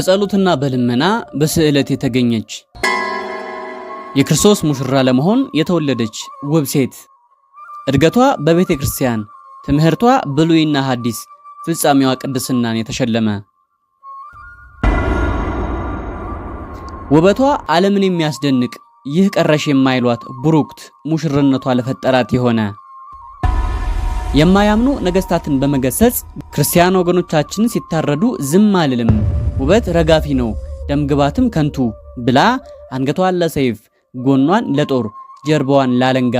በጸሎትና በልመና በስዕለት የተገኘች የክርስቶስ ሙሽራ ለመሆን የተወለደች ውብ ሴት እድገቷ በቤተ ክርስቲያን ትምህርቷ ብሉይና ሐዲስ ፍጻሜዋ ቅድስናን የተሸለመ ውበቷ ዓለምን የሚያስደንቅ ይህ ቀረሽ የማይሏት ብሩክት ሙሽርነቷ ለፈጠራት የሆነ የማያምኑ ነገስታትን በመገሰጽ ክርስቲያን ወገኖቻችን ሲታረዱ ዝም አልልም ውበት ረጋፊ ነው፣ ደምግባትም ከንቱ ብላ አንገቷን ለሰይፍ ጎኗን ለጦር ጀርባዋን ላለንጋ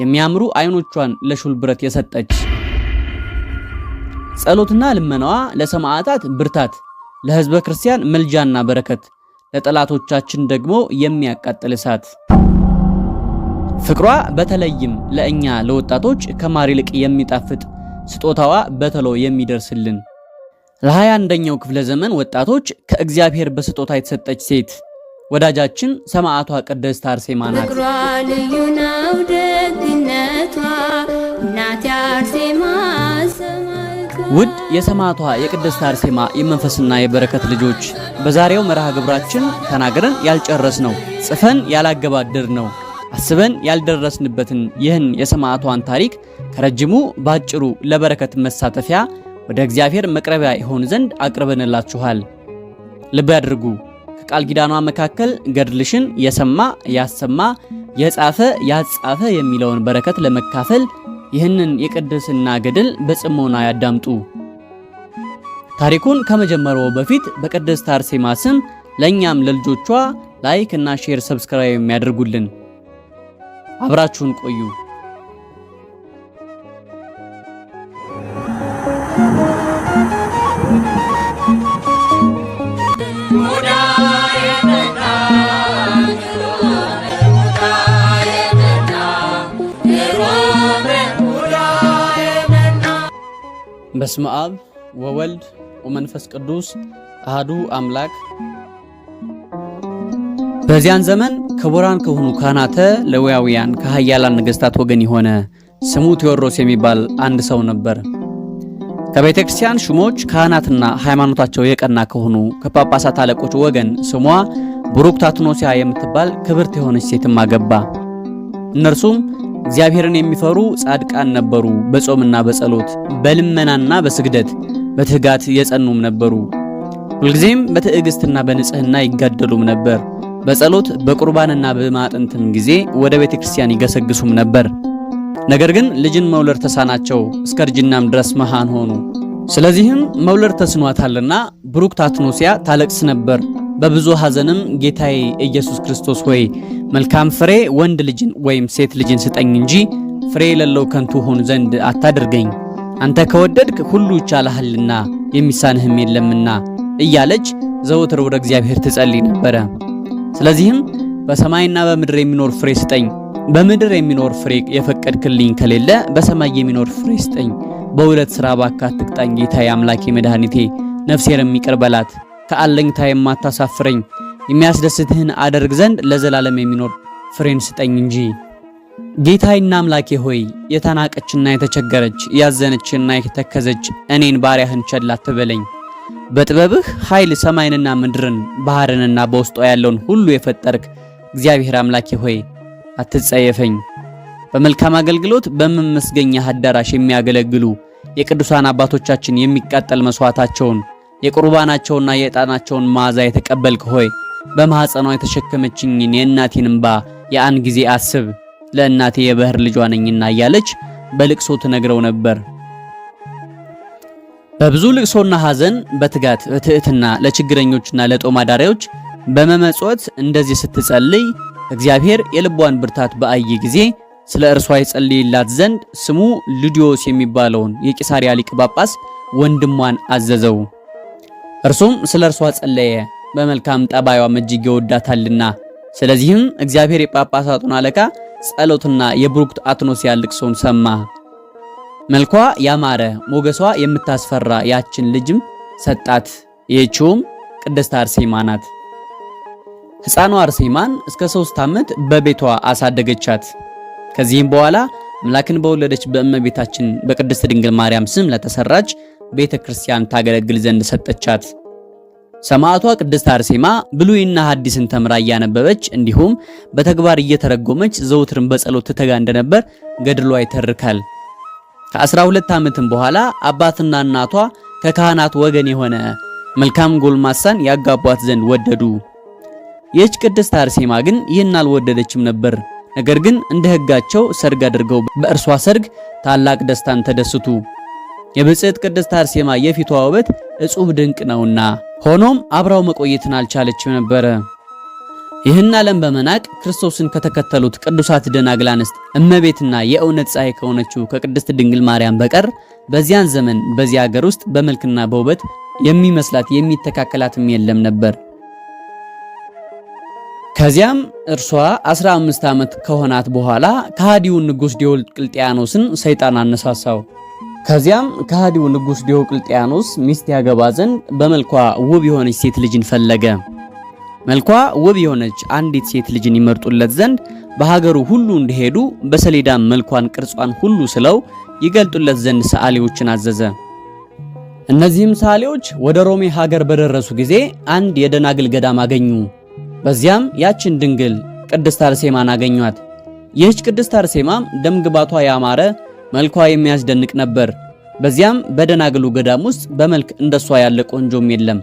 የሚያምሩ አይኖቿን ለሹል ብረት የሰጠች ጸሎትና ልመናዋ ለሰማዕታት ብርታት፣ ለህዝበ ክርስቲያን መልጃና በረከት፣ ለጠላቶቻችን ደግሞ የሚያቃጥል እሳት። ፍቅሯ በተለይም ለእኛ ለወጣቶች ከማር ይልቅ የሚጣፍጥ ስጦታዋ በተሎ የሚደርስልን ለ ለ21ኛው ክፍለ ዘመን ወጣቶች ከእግዚአብሔር በስጦታ የተሰጠች ሴት ወዳጃችን ሰማዕቷ ቅድስት አርሴማ ናት። ፍቅሯ ልዩ ነው ደግነቷ። አርሴማ ውድ የሰማዕቷ የቅድስት አርሴማ የመንፈስና የበረከት ልጆች በዛሬው መርሃ ግብራችን ተናግረን ያልጨረስ ነው፣ ጽፈን ያላገባደር ነው፣ አስበን ያልደረስንበትን ይህን የሰማዕቷን ታሪክ ከረጅሙ ባጭሩ ለበረከት መሳተፊያ ወደ እግዚአብሔር መቅረቢያ ይሆን ዘንድ አቅርበንላችኋል። ልብ ያድርጉ። ከቃል ኪዳኗ መካከል ገድልሽን የሰማ ያሰማ፣ የጻፈ ያጻፈ የሚለውን በረከት ለመካፈል ይህንን የቅድስና ገድል በጽሞና ያዳምጡ። ታሪኩን ከመጀመሩ በፊት በቅድስት አርሴማ ስም ለእኛም ለልጆቿ ላይክ እና ሼር ሰብስክራይብ የሚያደርጉልን አብራችሁን ቆዩ። በስመ አብ ወወልድ ወመንፈስ ቅዱስ አህዱ አምላክ። በዚያን ዘመን ክቡራን ከሆኑ ካህናተ ለውያውያን ከኃያላን ነገሥታት ወገን የሆነ ስሙ ቴዎድሮስ የሚባል አንድ ሰው ነበር። ከቤተ ክርስቲያን ሹሞች ካህናትና ሃይማኖታቸው የቀና ከሆኑ ከጳጳሳት አለቆች ወገን ስሟ ብሩክታትኖሲያ የምትባል ክብርት የሆነች ሴትም አገባ። እነርሱም እግዚአብሔርን የሚፈሩ ጻድቃን ነበሩ። በጾምና በጸሎት በልመናና በስግደት በትጋት የጸኑም ነበሩ። ሁልጊዜም በትዕግስትና በንጽህና ይጋደሉም ነበር። በጸሎት በቁርባንና በማጥንትም ጊዜ ወደ ቤተ ክርስቲያን ይገሰግሱም ነበር። ነገር ግን ልጅን መውለድ ተሳናቸው፣ እስከ እርጅናም ድረስ መሃን ሆኑ። ስለዚህም መውለድ ተስኗታልና ብሩክ ታትኖሲያ ታለቅስ ነበር። በብዙ ሐዘንም ጌታዬ ኢየሱስ ክርስቶስ ሆይ መልካም ፍሬ ወንድ ልጅን ወይም ሴት ልጅን ስጠኝ እንጂ ፍሬ የሌለው ከንቱ ሆን ዘንድ አታድርገኝ፣ አንተ ከወደድክ ሁሉ ይቻልሃልና የሚሳንህም የለምና እያለች ዘወትር ወደ እግዚአብሔር ትጸልይ ነበረ። ስለዚህም በሰማይና በምድር የሚኖር ፍሬ ስጠኝ፣ በምድር የሚኖር ፍሬ የፈቀድክልኝ ከሌለ በሰማይ የሚኖር ፍሬ ስጠኝ፣ በሁለት ሥራ ባካት ትቅጣኝ ጌታዬ አምላኬ መድኃኒቴ ነፍሴንም ይቅር በላት ከአለኝታ የማታሳፍረኝ የሚያስደስትህን አደርግ ዘንድ ለዘላለም የሚኖር ፍሬን ስጠኝ እንጂ። ጌታዬና አምላኬ ሆይ የታናቀችና የተቸገረች ያዘነችና የተከዘች እኔን ባሪያህን ቸል አትበለኝ። በጥበብህ ኃይል ሰማይንና ምድርን ባህርንና በውስጧ ያለውን ሁሉ የፈጠርክ እግዚአብሔር አምላኬ ሆይ አትጸየፈኝ። በመልካም አገልግሎት በመመስገኛህ አዳራሽ የሚያገለግሉ የቅዱሳን አባቶቻችን የሚቃጠል መስዋዕታቸውን የቁርባናቸውና የዕጣናቸውን መዓዛ የተቀበልክ ሆይ በማኅፀኗ የተሸከመችኝን የእናቴን እምባ የአንድ ጊዜ አስብ፣ ለእናቴ የበህር ልጇ ነኝና እያለች በልቅሶ ትነግረው ነበር። በብዙ ልቅሶና ሐዘን በትጋት በትዕትና ለችግረኞችና ለጦም አዳሪዎች በመመጾት እንደዚህ ስትጸልይ እግዚአብሔር የልቧን ብርታት በአየ ጊዜ ስለ እርሷ ይጸልይላት ዘንድ ስሙ ልዲዮስ የሚባለውን የቂሳሪያ ሊቀ ጳጳስ ወንድሟን አዘዘው። እርሱም ስለ እርሷ ጸለየ፣ በመልካም ጠባዩም እጅግ ይወዳታልና። ስለዚህም እግዚአብሔር የጳጳሳቱን አለቃ ጸሎትና የብሩክት አትኖስያ ልቅሶን ሰማ። መልኳ ያማረ ሞገሷ የምታስፈራ ያችን ልጅም ሰጣት። ይህችውም ቅድስት አርሴማ ናት። ሕፃኗ አርሴማን እስከ ሦስት ዓመት በቤቷ አሳደገቻት። ከዚህም በኋላ አምላክን በወለደች በእመቤታችን በቅድስት ድንግል ማርያም ስም ለተሰራች ቤተ ክርስቲያን ታገለግል ዘንድ ሰጠቻት። ሰማዕቷ ቅድስት አርሴማ ብሉይና ሐዲስን ተምራ እያነበበች እንዲሁም በተግባር እየተረጎመች ዘውትርን በጸሎት ትተጋ እንደነበር ገድሏ ይተርካል። ከ12 ዓመትም በኋላ አባትና እናቷ ከካህናት ወገን የሆነ መልካም ጎልማሳን ያጋቧት ዘንድ ወደዱ። ይህች ቅድስት አርሴማ ግን ይህን አልወደደችም ነበር። ነገር ግን እንደ ሕጋቸው ሰርግ አድርገው በእርሷ ሰርግ ታላቅ ደስታን ተደስቱ። የብጽዕት ቅድስት አርሴማ የፊቷ ውበት እጹብ ድንቅ ነውና፣ ሆኖም አብራው መቆየትን አልቻለችም ነበረ። ይህን ዓለም በመናቅ ክርስቶስን ከተከተሉት ቅዱሳት ደናግል አንስት እመቤትና የእውነት ፀሐይ ከሆነችው ከቅድስት ድንግል ማርያም በቀር በዚያን ዘመን በዚያ ሀገር ውስጥ በመልክና በውበት የሚመስላት የሚተካከላትም የለም ነበር። ከዚያም እርሷ 15 ዓመት ከሆናት በኋላ ከሃዲውን ንጉሥ ዲዮቅልጥያኖስን ሰይጣን አነሳሳው። ከዚያም ከሃዲው ንጉስ ዲዮቅልጥያኖስ ሚስት ያገባ ዘንድ በመልኳ ውብ የሆነች ሴት ልጅን ፈለገ። መልኳ ውብ የሆነች አንዲት ሴት ልጅን ይመርጡለት ዘንድ በሀገሩ ሁሉ እንደሄዱ በሰሌዳም መልኳን ቅርጿን ሁሉ ስለው ይገልጡለት ዘንድ ሰዓሊዎችን አዘዘ። እነዚህም ሰዓሊዎች ወደ ሮሜ ሀገር በደረሱ ጊዜ አንድ የደናግል ገዳም አገኙ። በዚያም ያችን ድንግል ቅድስት አርሴማን አገኟት። ይህች ቅድስት አርሴማም ደምግባቷ ያማረ መልኳ የሚያስደንቅ ነበር። በዚያም በደናግሉ ገዳም ውስጥ በመልክ እንደሷ ያለ ቆንጆም የለም።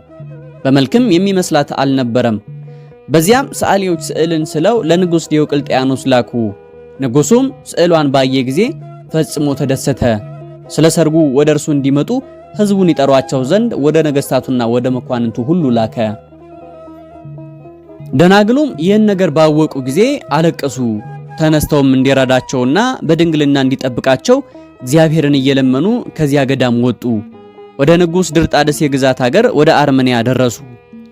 በመልክም የሚመስላት አልነበረም። በዚያም ሰዓሊዎች ስዕልን ስለው ለንጉሥ ዲዮቅልጥያኖስ ላኩ። ንጉሡም ስዕሏን ባየ ጊዜ ፈጽሞ ተደሰተ። ስለ ሰርጉ ወደ እርሱ እንዲመጡ ሕዝቡን ይጠሯቸው ዘንድ ወደ ነገሥታቱና ወደ መኳንንቱ ሁሉ ላከ። ደናግሉም ይህን ነገር ባወቁ ጊዜ አለቀሱ። ተነስተውም እንዲረዳቸውና በድንግልና እንዲጠብቃቸው እግዚአብሔርን እየለመኑ ከዚያ ገዳም ወጡ። ወደ ንጉሥ ድርጣድስ የግዛት ሀገር ወደ አርሜንያ ደረሱ።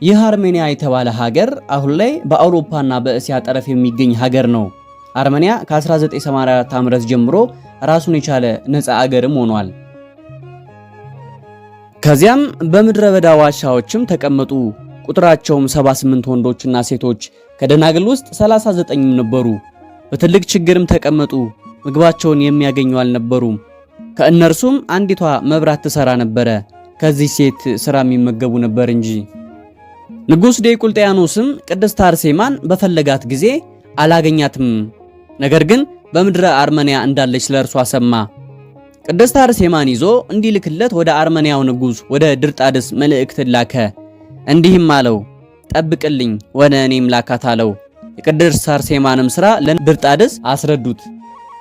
ይህ አርሜንያ የተባለ ሀገር አሁን ላይ በአውሮፓና በእስያ ጠረፍ የሚገኝ ሀገር ነው። አርሜንያ ከ1984 ዓ.ም ጀምሮ ራሱን የቻለ ነፃ አገርም ሆኗል። ከዚያም በምድረ በዳ ዋሻዎችም ተቀመጡ። ቁጥራቸውም 78 ወንዶችና ሴቶች ከደናግል ውስጥ 39 ነበሩ። በትልቅ ችግርም ተቀመጡ። ምግባቸውን የሚያገኙ አልነበሩም። ከእነርሱም አንዲቷ መብራት ትሰራ ነበረ፣ ከዚህ ሴት ስራ የሚመገቡ ነበር እንጂ። ንጉሥ ዲዮቅልጥያኖስም ቅድስት አርሴማን በፈለጋት ጊዜ አላገኛትም። ነገር ግን በምድረ አርመንያ እንዳለች ለእርሷ ሰማ። ቅድስት አርሴማን ይዞ እንዲልክለት ወደ አርመንያው ንጉሥ ወደ ድርጣድስ መልእክት ላከ። እንዲህም አለው፣ ጠብቅልኝ ወደ እኔም ላካት አለው። የቅድስት አርሴማንም ስራ ለድርጣድስ አስረዱት።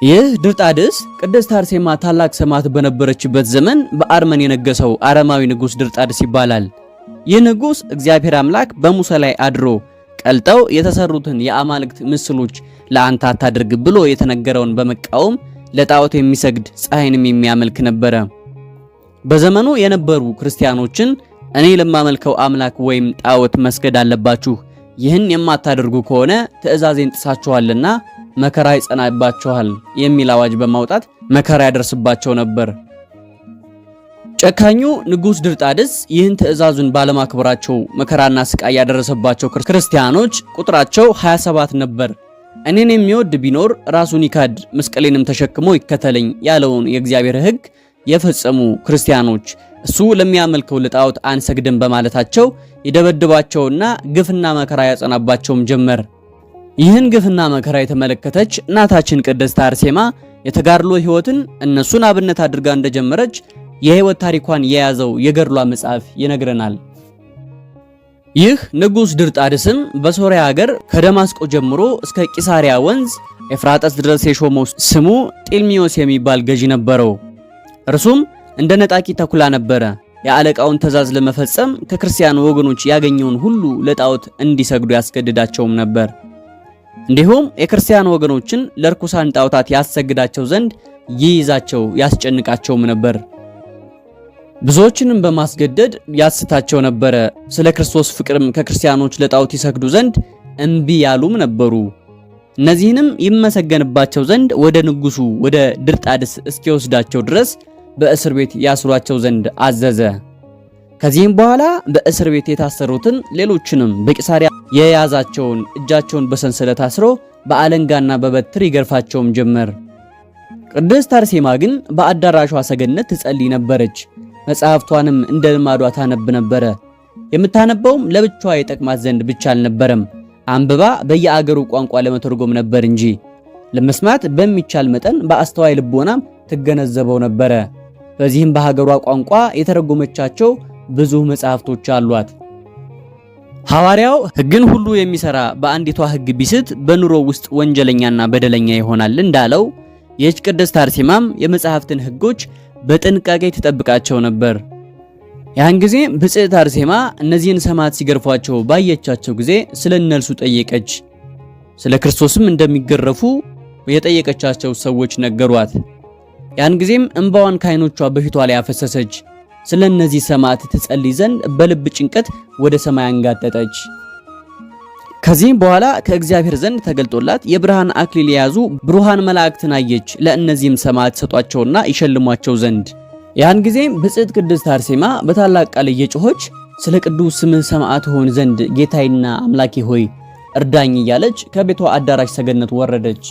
ይህ ድርጣድስ ቅድስት አርሴማ ታላቅ ሰማዕት በነበረችበት ዘመን በአርመን የነገሰው አረማዊ ንጉሥ ድርጣድስ ይባላል። ይህ ንጉሥ እግዚአብሔር አምላክ በሙሴ ላይ አድሮ ቀልጠው የተሰሩትን የአማልክት ምስሎች ለአንተ አታድርግ ብሎ የተነገረውን በመቃወም ለጣዖት የሚሰግድ ፀሐይንም የሚያመልክ ነበረ። በዘመኑ የነበሩ ክርስቲያኖችን እኔ ለማመልከው አምላክ ወይም ጣዖት መስገድ አለባችሁ ይህን የማታደርጉ ከሆነ ትእዛዜን ጥሳችኋልና መከራ ይጸናባችኋል የሚል አዋጅ በማውጣት መከራ ያደርስባቸው ነበር። ጨካኙ ንጉሥ ድርጣድስ ይህን ትእዛዙን ባለማክበራቸው መከራና ስቃይ ያደረሰባቸው ክርስቲያኖች ቁጥራቸው 27 ነበር። እኔን የሚወድ ቢኖር ራሱን ይካድ መስቀሌንም ተሸክሞ ይከተለኝ ያለውን የእግዚአብሔር ሕግ የፈጸሙ ክርስቲያኖች እሱ ለሚያመልከው ለጣዖት አንሰግድም በማለታቸው ይደበድባቸውና ግፍና መከራ ያጸናባቸውም ጀመር። ይህን ግፍና መከራ የተመለከተች እናታችን ቅድስት አርሴማ የተጋድሎ ሕይወትን እነሱን አብነት አድርጋ እንደጀመረች የሕይወት ታሪኳን የያዘው የገድሏ መጽሐፍ ይነግረናል። ይህ ንጉሥ ድርጣድስም በሶሪያ ሀገር ከደማስቆ ጀምሮ እስከ ቂሳሪያ ወንዝ ኤፍራጠስ ድረስ የሾመው ስሙ ጢልሚዮስ የሚባል ገዢ ነበረው። እርሱም እንደ ነጣቂ ተኩላ ነበረ። የአለቃውን ትእዛዝ ለመፈጸም ከክርስቲያን ወገኖች ያገኘውን ሁሉ ለጣዖት እንዲሰግዱ ያስገድዳቸውም ነበር። እንዲሁም የክርስቲያን ወገኖችን ለርኩሳን ጣዖታት ያሰግዳቸው ዘንድ ይይዛቸው ያስጨንቃቸውም ነበር። ብዙዎችንም በማስገደድ ያስታቸው ነበረ። ስለ ክርስቶስ ፍቅርም ከክርስቲያኖች ለጣዖት ይሰግዱ ዘንድ እምቢ ያሉም ነበሩ። እነዚህንም ይመሰገንባቸው ዘንድ ወደ ንጉሱ ወደ ድርጣድስ እስኪወስዳቸው ድረስ በእስር ቤት ያስሯቸው ዘንድ አዘዘ። ከዚህም በኋላ በእስር ቤት የታሰሩትን ሌሎችንም በቂሳሪያ የያዛቸውን እጃቸውን በሰንሰለት አስሮ በአለንጋና በበትር ይገርፋቸውም ጀመር። ቅድስት አርሴማ ግን በአዳራሿ ሰገነት ትጸልይ ነበረች። መጽሐፍቷንም እንደ ልማዷ ታነብ ነበረ። የምታነበውም ለብቻዋ የጠቅማት ዘንድ ብቻ አልነበረም፣ አንብባ በየአገሩ ቋንቋ ለመተርጎም ነበር እንጂ ለመስማት በሚቻል መጠን በአስተዋይ ልቦናም ትገነዘበው ነበረ። በዚህም በሀገሯ ቋንቋ የተረጎመቻቸው ብዙ መጽሐፍቶች አሏት። ሐዋርያው ሕግን ሁሉ የሚሰራ በአንዲቷ ሕግ ቢስት በኑሮ ውስጥ ወንጀለኛና በደለኛ ይሆናል እንዳለው ይህች ቅድስት አርሴማም የመጽሐፍትን ሕጎች በጥንቃቄ ትጠብቃቸው ነበር። ያን ጊዜ ብጽዕት አርሴማ እነዚህን ሰማዕት ሲገርፏቸው ባየቻቸው ጊዜ ስለ እነርሱ ጠየቀች። ስለ ክርስቶስም እንደሚገረፉ የጠየቀቻቸው ሰዎች ነገሯት። ያን ጊዜም እንባዋን ከዓይኖቿ በፊቷ ላይ አፈሰሰች። ስለ እነዚህ ሰማዕት ትጸልይ ዘንድ በልብ ጭንቀት ወደ ሰማይ አንጋጠጠች። ከዚህም በኋላ ከእግዚአብሔር ዘንድ ተገልጦላት የብርሃን አክሊል የያዙ ብሩሃን መላእክትን አየች። ለእነዚህም ሰማዕት ሰጧቸውና ይሸልሟቸው ዘንድ ያን ጊዜም ብጽዕት ቅድስት አርሴማ በታላቅ ቃል እየጮኸች ስለ ቅዱስ ስምህ ሰማዕት ሆን ዘንድ ጌታዬና አምላኬ ሆይ እርዳኝ እያለች ከቤቷ አዳራሽ ሰገነት ወረደች።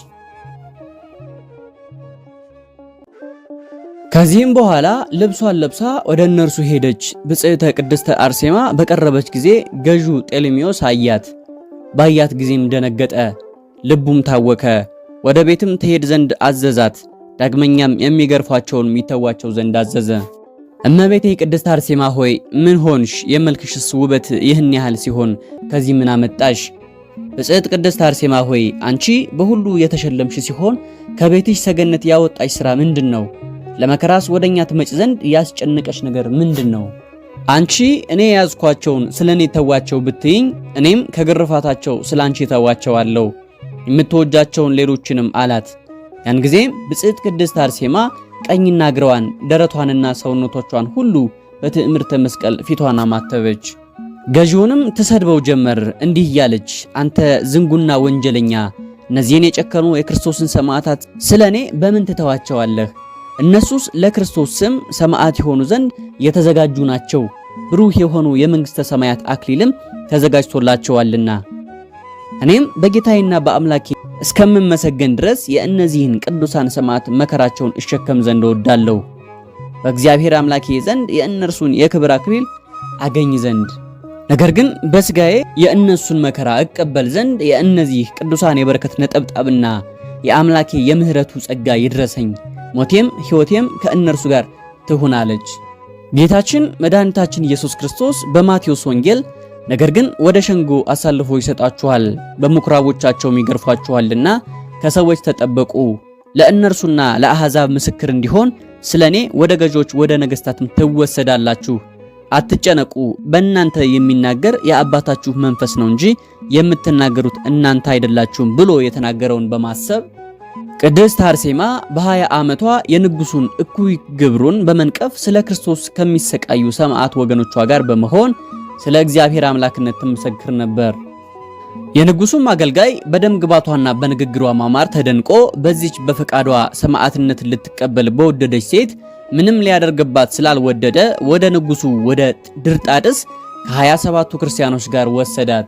ከዚህም በኋላ ልብሷን ለብሳ ወደ እነርሱ ሄደች። ብጽዕተ ቅድስተ አርሴማ በቀረበች ጊዜ ገዢው ጤልሚዮስ አያት። ባያት ጊዜም ደነገጠ፣ ልቡም ታወከ። ወደ ቤትም ትሄድ ዘንድ አዘዛት። ዳግመኛም የሚገርፏቸውን የሚተዋቸው ዘንድ አዘዘ። እመቤቴ ቅድስት አርሴማ ሆይ ምን ሆንሽ? የመልክሽስ ውበት ይህን ያህል ሲሆን ከዚህ ምን አመጣሽ? ብጽዕት ቅድስት አርሴማ ሆይ አንቺ በሁሉ የተሸለምሽ ሲሆን ከቤትሽ ሰገነት ያወጣሽ ሥራ ምንድን ነው? ለመከራስ ወደኛ ትመጭ ዘንድ ያስጨነቀሽ ነገር ምንድን ነው? አንቺ እኔ የያዝኳቸውን ስለ እኔ ተዋቸው ብትይኝ እኔም ከግርፋታቸው ስለ አንቺ ተዋቸዋለሁ የምትወጃቸውን ሌሎችንም አላት። ያን ጊዜ ብጽዕት ቅድስት አርሴማ ቀኝና እግሯን ደረቷንና ሰውነቶቿን ሁሉ በትዕምርተ መስቀል ፊቷን አማተበች። ገዢውንም ትሰድበው ጀመር እንዲህ እያለች አንተ ዝንጉና ወንጀለኛ፣ እነዚህን የጨከኑ የክርስቶስን ሰማዕታት ስለ እኔ በምን ትተዋቸዋለህ? እነሱስ ለክርስቶስ ስም ሰማዕት የሆኑ ዘንድ የተዘጋጁ ናቸው፣ ብሩህ የሆኑ የመንግሥተ ሰማያት አክሊልም ተዘጋጅቶላቸዋልና። እኔም በጌታዬና በአምላኬ እስከምመሰገን ድረስ የእነዚህን ቅዱሳን ሰማዕት መከራቸውን እሸከም ዘንድ እወዳለሁ፣ በእግዚአብሔር አምላኬ ዘንድ የእነርሱን የክብር አክሊል አገኝ ዘንድ። ነገር ግን በስጋዬ የእነሱን መከራ እቀበል ዘንድ የእነዚህ ቅዱሳን የበረከት ነጠብጣብና የአምላኬ የምሕረቱ ጸጋ ይድረሰኝ። ሞቴም ሕይወቴም ከእነርሱ ጋር ትሆናለች። ጌታችን መድኃኒታችን ኢየሱስ ክርስቶስ በማቴዎስ ወንጌል ነገር ግን ወደ ሸንጎ አሳልፎ ይሰጣችኋል፣ በምኩራቦቻቸውም ይገርፏችኋልና ከሰዎች ተጠበቁ። ለእነርሱና ለአሕዛብ ምስክር እንዲሆን ስለኔ ወደ ገዦች ወደ ነገሥታትም ትወሰዳላችሁ። አትጨነቁ፣ በእናንተ የሚናገር የአባታችሁ መንፈስ ነው እንጂ የምትናገሩት እናንተ አይደላችሁም ብሎ የተናገረውን በማሰብ ቅድስት አርሴማ በ20 ዓመቷ የንጉሱን እኩይ ግብሩን በመንቀፍ ስለ ክርስቶስ ከሚሰቃዩ ሰማዕት ወገኖቿ ጋር በመሆን ስለ እግዚአብሔር አምላክነት ትመሰክር ነበር። የንጉሱም አገልጋይ በደም ግባቷና በንግግሯ ማማር ተደንቆ በዚች በፈቃዷ ሰማዕትነት ልትቀበል በወደደች ሴት ምንም ሊያደርግባት ስላልወደደ ወደ ንጉሱ ወደ ድርጣድስ ከ27ቱ ክርስቲያኖች ጋር ወሰዳት።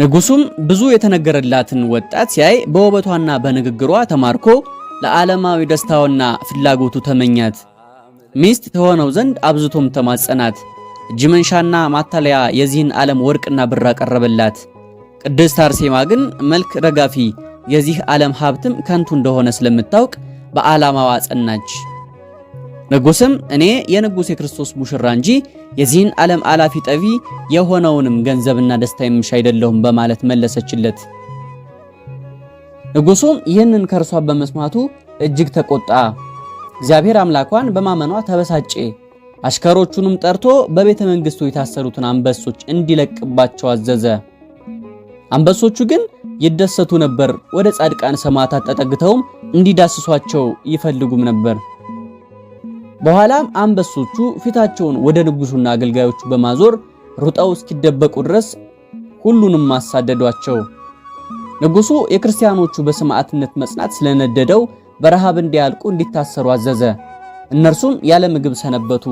ንጉሱም ብዙ የተነገረላትን ወጣት ሲያይ በውበቷና በንግግሯ ተማርኮ ለዓለማዊ ደስታውና ፍላጎቱ ተመኛት። ሚስት ተሆነው ዘንድ አብዝቶም ተማጸናት። እጅ መንሻና ማታለያ የዚህን ዓለም ወርቅና ብር አቀረበላት። ቅድስት አርሴማ ግን መልክ ረጋፊ የዚህ ዓለም ሀብትም ከንቱ እንደሆነ ስለምታውቅ በዓላማዋ ጸናች። ንጉስም እኔ የንጉስ የክርስቶስ ሙሽራ እንጂ የዚህን ዓለም አላፊ ጠቢ የሆነውንም ገንዘብና ደስታ የምሻ አይደለሁም በማለት መለሰችለት። ንጉሱም ይህንን ከእርሷ በመስማቱ እጅግ ተቆጣ። እግዚአብሔር አምላኳን በማመኗ ተበሳጨ። አሽከሮቹንም ጠርቶ በቤተ መንግስቱ የታሰሩትን አንበሶች እንዲለቅባቸው አዘዘ። አንበሶቹ ግን ይደሰቱ ነበር። ወደ ጻድቃን ሰማዕታት ተጠግተውም እንዲዳስሷቸው ይፈልጉም ነበር። በኋላም አንበሶቹ ፊታቸውን ወደ ንጉሱና አገልጋዮቹ በማዞር ሩጠው እስኪደበቁ ድረስ ሁሉንም አሳደዷቸው። ንጉሱ የክርስቲያኖቹ በሰማዕትነት መጽናት ስለነደደው በረሃብ እንዲያልቁ እንዲታሰሩ አዘዘ። እነርሱም ያለ ምግብ ሰነበቱ።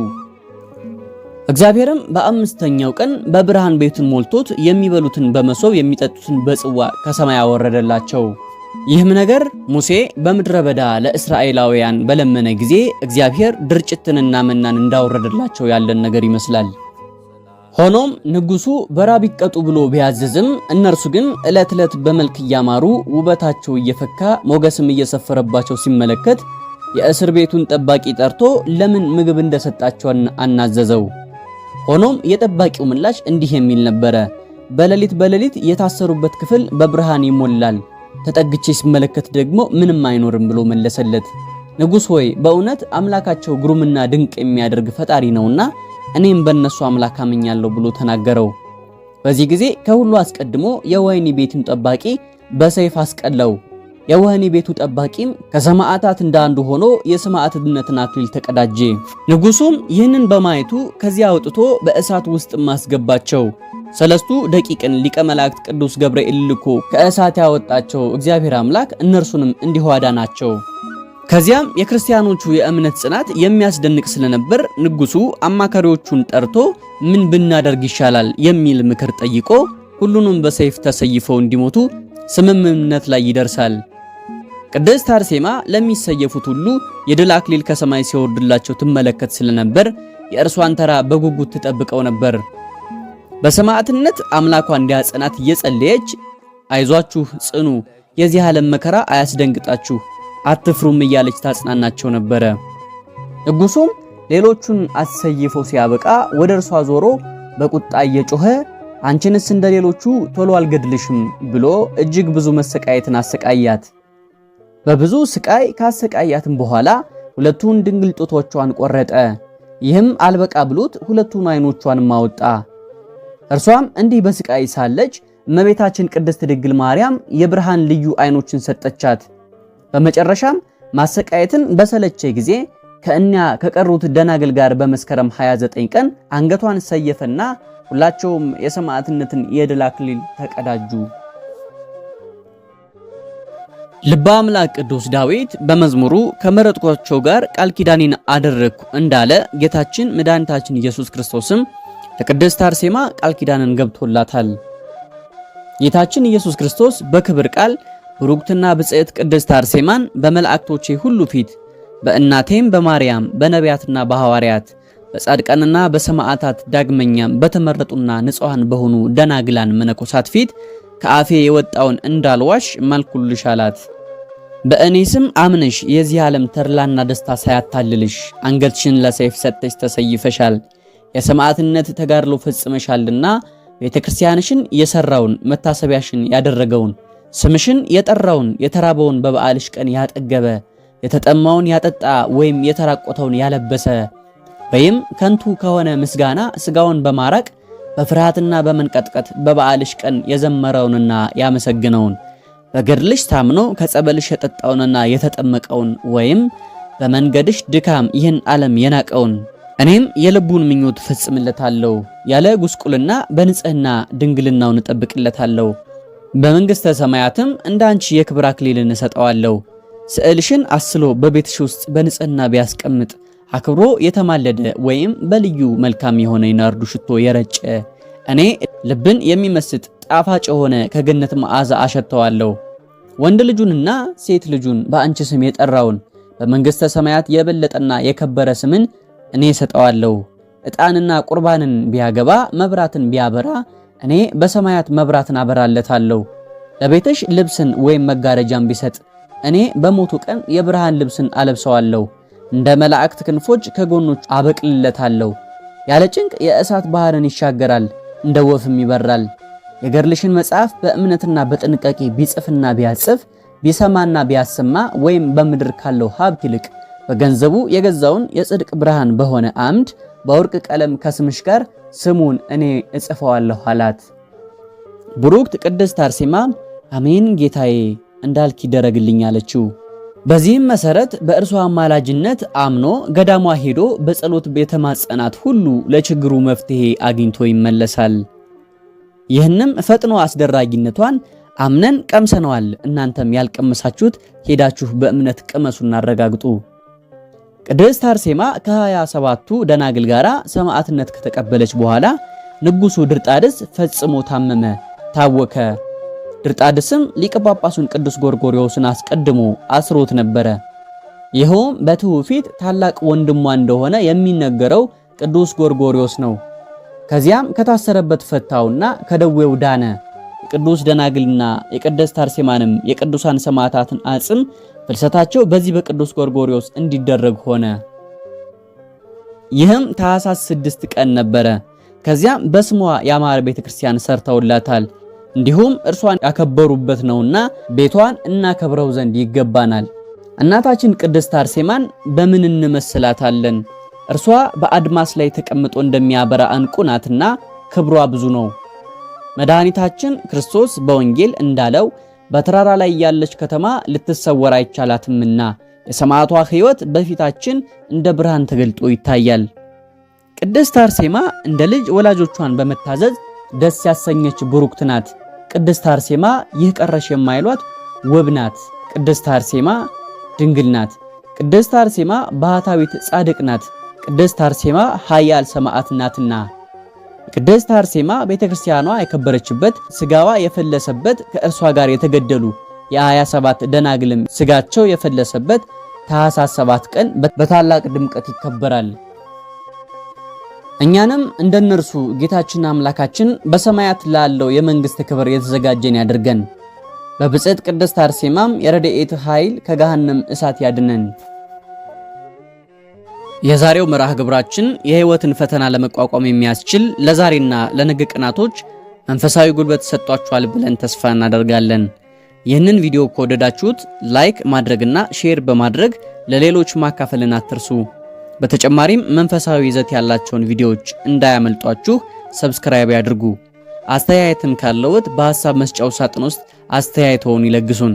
እግዚአብሔርም በአምስተኛው ቀን በብርሃን ቤቱን ሞልቶት የሚበሉትን በመሶብ የሚጠጡትን በጽዋ ከሰማይ አወረደላቸው። ይህም ነገር ሙሴ በምድረ በዳ ለእስራኤላውያን በለመነ ጊዜ እግዚአብሔር ድርጭትንና መናን እንዳወረደላቸው ያለን ነገር ይመስላል። ሆኖም ንጉሱ በራብ ይቀጡ ብሎ ቢያዘዝም እነርሱ ግን ዕለት ዕለት በመልክ እያማሩ ውበታቸው እየፈካ ሞገስም እየሰፈረባቸው ሲመለከት የእስር ቤቱን ጠባቂ ጠርቶ ለምን ምግብ እንደሰጣቸው አናዘዘው። ሆኖም የጠባቂው ምላሽ እንዲህ የሚል ነበረ። በሌሊት በሌሊት የታሰሩበት ክፍል በብርሃን ይሞላል ተጠግቼ ሲመለከት ደግሞ ምንም አይኖርም ብሎ መለሰለት። ንጉሥ ሆይ በእውነት አምላካቸው ግሩምና ድንቅ የሚያደርግ ፈጣሪ ነውና እኔም በእነሱ አምላክ አምኛለሁ ብሎ ተናገረው። በዚህ ጊዜ ከሁሉ አስቀድሞ የወይኒ ቤቱን ጠባቂ በሰይፍ አስቀለው። የወህኒ ቤቱ ጠባቂም ከሰማዕታት አንዱ ሆኖ የሰማዕትነትን አክሊል ተቀዳጀ። ንጉሱም ይህንን በማየቱ ከዚያ አውጥቶ በእሳት ውስጥ ማስገባቸው ሰለስቱ ደቂቅን ሊቀ መላእክት ቅዱስ ገብርኤል ልኮ ከእሳት ያወጣቸው እግዚአብሔር አምላክ እነርሱንም እንዲሁ አዳናቸው። ከዚያም የክርስቲያኖቹ የእምነት ጽናት የሚያስደንቅ ስለነበር ንጉሱ አማካሪዎቹን ጠርቶ ምን ብናደርግ ይሻላል የሚል ምክር ጠይቆ ሁሉንም በሰይፍ ተሰይፈው እንዲሞቱ ስምምነት ላይ ይደርሳል። ቅድስት አርሴማ ለሚሰየፉት ሁሉ የድል አክሊል ከሰማይ ሲወርድላቸው ትመለከት ስለነበር የእርሷን ተራ በጉጉት ትጠብቀው ነበር። በሰማዕትነት አምላኳ እንዲያጸናት እየጸለየች አይዟችሁ ጽኑ፣ የዚህ ዓለም መከራ አያስደንግጣችሁ፣ አትፍሩም እያለች ታጽናናቸው ነበረ። ንጉሱም ሌሎቹን አሰይፎ ሲያበቃ ወደ እርሷ ዞሮ በቁጣ እየጮኸ አንቺንስ እንደ ሌሎቹ ቶሎ አልገድልሽም ብሎ እጅግ ብዙ መሰቃየትን አሰቃያት። በብዙ ስቃይ ካሰቃያትም በኋላ ሁለቱን ድንግል ጡቶቿን ቆረጠ። ይህም አልበቃ ብሎት ሁለቱን አይኖቿን አወጣ። እርሷም እንዲህ በስቃይ ሳለች እመቤታችን ቅድስት ድንግል ማርያም የብርሃን ልዩ አይኖችን ሰጠቻት። በመጨረሻም ማሰቃየትን በሰለቸ ጊዜ ከእኛ ከቀሩት ደናግል ጋር በመስከረም 29 ቀን አንገቷን ሰየፈና ሁላቸውም የሰማዕትነትን የድል አክሊል ተቀዳጁ። ልበ አምላክ ቅዱስ ዳዊት በመዝሙሩ ከመረጥኳቸው ጋር ቃል ኪዳኔን አደረግኩ እንዳለ ጌታችን መድኃኒታችን ኢየሱስ ክርስቶስም ለቅድስት አርሴማ ቃል ኪዳንን ገብቶላታል። ጌታችን ኢየሱስ ክርስቶስ በክብር ቃል ብሩክትና ብጽዕት ቅድስት አርሴማን በመላእክቶቼ ሁሉ ፊት በእናቴም በማርያም በነቢያትና በሐዋርያት በጻድቃንና በሰማዕታት ዳግመኛም በተመረጡና ንጹሐን በሆኑ ደናግላን መነኮሳት ፊት ከአፌ የወጣውን እንዳልዋሽ መልኩልሽ አላት። በእኔ ስም አምነሽ የዚህ ዓለም ተድላና ደስታ ሳያታልልሽ አንገትሽን ለሰይፍ ሰጥተሽ ተሰይፈሻል። የሰማዕትነት ተጋድሎ ፈጽመሻልና ቤተ ክርስቲያንሽን የሰራውን መታሰቢያሽን ያደረገውን ስምሽን የጠራውን የተራበውን በበዓልሽ ቀን ያጠገበ የተጠማውን ያጠጣ ወይም የተራቆተውን ያለበሰ ወይም ከንቱ ከሆነ ምስጋና ስጋውን በማራቅ በፍርሃትና በመንቀጥቀጥ በበዓልሽ ቀን የዘመረውንና ያመሰግነውን በገድልሽ ታምኖ ከጸበልሽ የጠጣውንና የተጠመቀውን ወይም በመንገድሽ ድካም ይህን ዓለም የናቀውን እኔም የልቡን ምኞት ፈጽምለታለሁ፣ ያለ ጉስቁልና በንጽህና ድንግልናውን እጠብቅለታለሁ። በመንግሥተ ሰማያትም እንዳንቺ የክብር አክሊልን እሰጠዋለሁ። ስዕልሽን አስሎ በቤትሽ ውስጥ በንጽህና ቢያስቀምጥ አክብሮ የተማለደ ወይም በልዩ መልካም የሆነ የናርዱ ሽቶ የረጨ እኔ ልብን የሚመስጥ ጣፋጭ የሆነ ከገነት መዓዛ አሸተዋለሁ። ወንድ ልጁንና ሴት ልጁን በአንቺ ስም የጠራውን በመንግሥተ ሰማያት የበለጠና የከበረ ስምን እኔ ሰጠዋለሁ። ዕጣንና ቁርባንን ቢያገባ መብራትን ቢያበራ እኔ በሰማያት መብራትን አበራለታለሁ። ለቤትሽ ልብስን ወይም መጋረጃን ቢሰጥ እኔ በሞቱ ቀን የብርሃን ልብስን አለብሰዋለሁ። እንደ መላእክት ክንፎች ከጎኖቹ አበቅልለታለሁ። ያለ ጭንቅ የእሳት ባህርን ይሻገራል፣ እንደ ወፍም ይበራል። የገድልሽን መጽሐፍ በእምነትና በጥንቃቄ ቢጽፍና ቢያጽፍ ቢሰማና ቢያሰማ ወይም በምድር ካለው ሀብት ይልቅ በገንዘቡ የገዛውን የጽድቅ ብርሃን በሆነ አምድ በወርቅ ቀለም ከስምሽ ጋር ስሙን እኔ እጽፈዋለሁ አላት። ብሩክት ቅድስት አርሴማ አሜን ጌታዬ እንዳልክ ይደረግልኝ አለችው። በዚህም መሰረት በእርሷ አማላጅነት አምኖ ገዳሟ ሄዶ በጸሎት የተማጸናት ሁሉ ለችግሩ መፍትሄ አግኝቶ ይመለሳል። ይህንም ፈጥኖ አስደራጊነቷን አምነን ቀምሰነዋል። እናንተም ያልቀመሳችሁት ሄዳችሁ በእምነት ቅመሱና አረጋግጡ። ቅድስት አርሴማ ከ27ቱ ደናግል ጋራ ሰማዕትነት ከተቀበለች በኋላ ንጉሡ ድርጣድስ ፈጽሞ ታመመ፣ ታወከ። ድርጣድስም ሊቀ ጳጳሱን ቅዱስ ጎርጎርዮስን አስቀድሞ አስሮት ነበረ። ይኸውም በትውፊት ታላቅ ወንድሟ እንደሆነ የሚነገረው ቅዱስ ጎርጎርዮስ ነው። ከዚያም ከታሰረበት ፈታውና ከደዌው ዳነ። የቅዱስ ደናግልና የቅድስት አርሴማንም የቅዱሳን ሰማዕታትን አጽም ፍልሰታቸው በዚህ በቅዱስ ጎርጎርዮስ እንዲደረግ ሆነ። ይህም ታኅሳስ ስድስት ቀን ነበረ። ከዚያም በስሟ ያማረ ቤተክርስቲያን ሰርተውላታል። እንዲሁም እርሷን ያከበሩበት ነውና ቤቷን እናከብረው ዘንድ ይገባናል። እናታችን ቅድስት አርሴማን በምን እንመስላታለን? እርሷ በአድማስ ላይ ተቀምጦ እንደሚያበራ ዕንቁ ናትና ክብሯ ብዙ ነው። መድኃኒታችን ክርስቶስ በወንጌል እንዳለው በተራራ ላይ ያለች ከተማ ልትሰወር አይቻላትምና የሰማዕቷ ሕይወት በፊታችን እንደ ብርሃን ተገልጦ ይታያል። ቅድስት አርሴማ እንደ ልጅ ወላጆቿን በመታዘዝ ደስ ያሰኘች ብሩክት ናት። ቅድስት አርሴማ ይህ ቀረሽ የማይሏት ውብ ናት። ቅድስት አርሴማ ድንግል ናት። ቅድስት አርሴማ ባህታዊት ጻድቅ ናት። ቅድስት አርሴማ ኃያል ሰማዕት ናትና ቅድስት አርሴማ ቤተክርስቲያኗ የከበረችበት ስጋዋ የፈለሰበት ከእርሷ ጋር የተገደሉ የ ሰባት ደናግልም ስጋቸው የፈለሰበት ታኅሳስ ሰባት ቀን በታላቅ ድምቀት ይከበራል። እኛንም እንደነርሱ ጌታችን አምላካችን በሰማያት ላለው የመንግስት ክብር የተዘጋጀን ያድርገን። በብፅዕት ቅድስት አርሴማም የረድኤት ኃይል ከገሃነም እሳት ያድነን። የዛሬው መርሃ ግብራችን የህይወትን ፈተና ለመቋቋም የሚያስችል ለዛሬና ለነገ ቀናቶች መንፈሳዊ ጉልበት ሰጧችኋል ብለን ተስፋ እናደርጋለን። ይህንን ቪዲዮ ከወደዳችሁት ላይክ ማድረግና ሼር በማድረግ ለሌሎች ማካፈልን አትርሱ። በተጨማሪም መንፈሳዊ ይዘት ያላቸውን ቪዲዮዎች እንዳያመልጧችሁ ሰብስክራይብ ያድርጉ። አስተያየትም ካለዎት በሐሳብ መስጫው ሳጥን ውስጥ አስተያየቶውን ይለግሱን።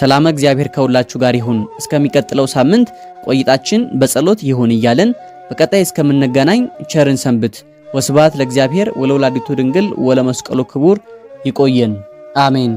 ሰላም እግዚአብሔር ከሁላችሁ ጋር ይሁን። እስከሚቀጥለው ሳምንት ቆይታችን በጸሎት ይሁን እያለን በቀጣይ እስከምንገናኝ ቸርን ሰንብት። ወስባት ለእግዚአብሔር ወለወላዲቱ ድንግል ወለመስቀሉ ክቡር። ይቆየን። አሜን።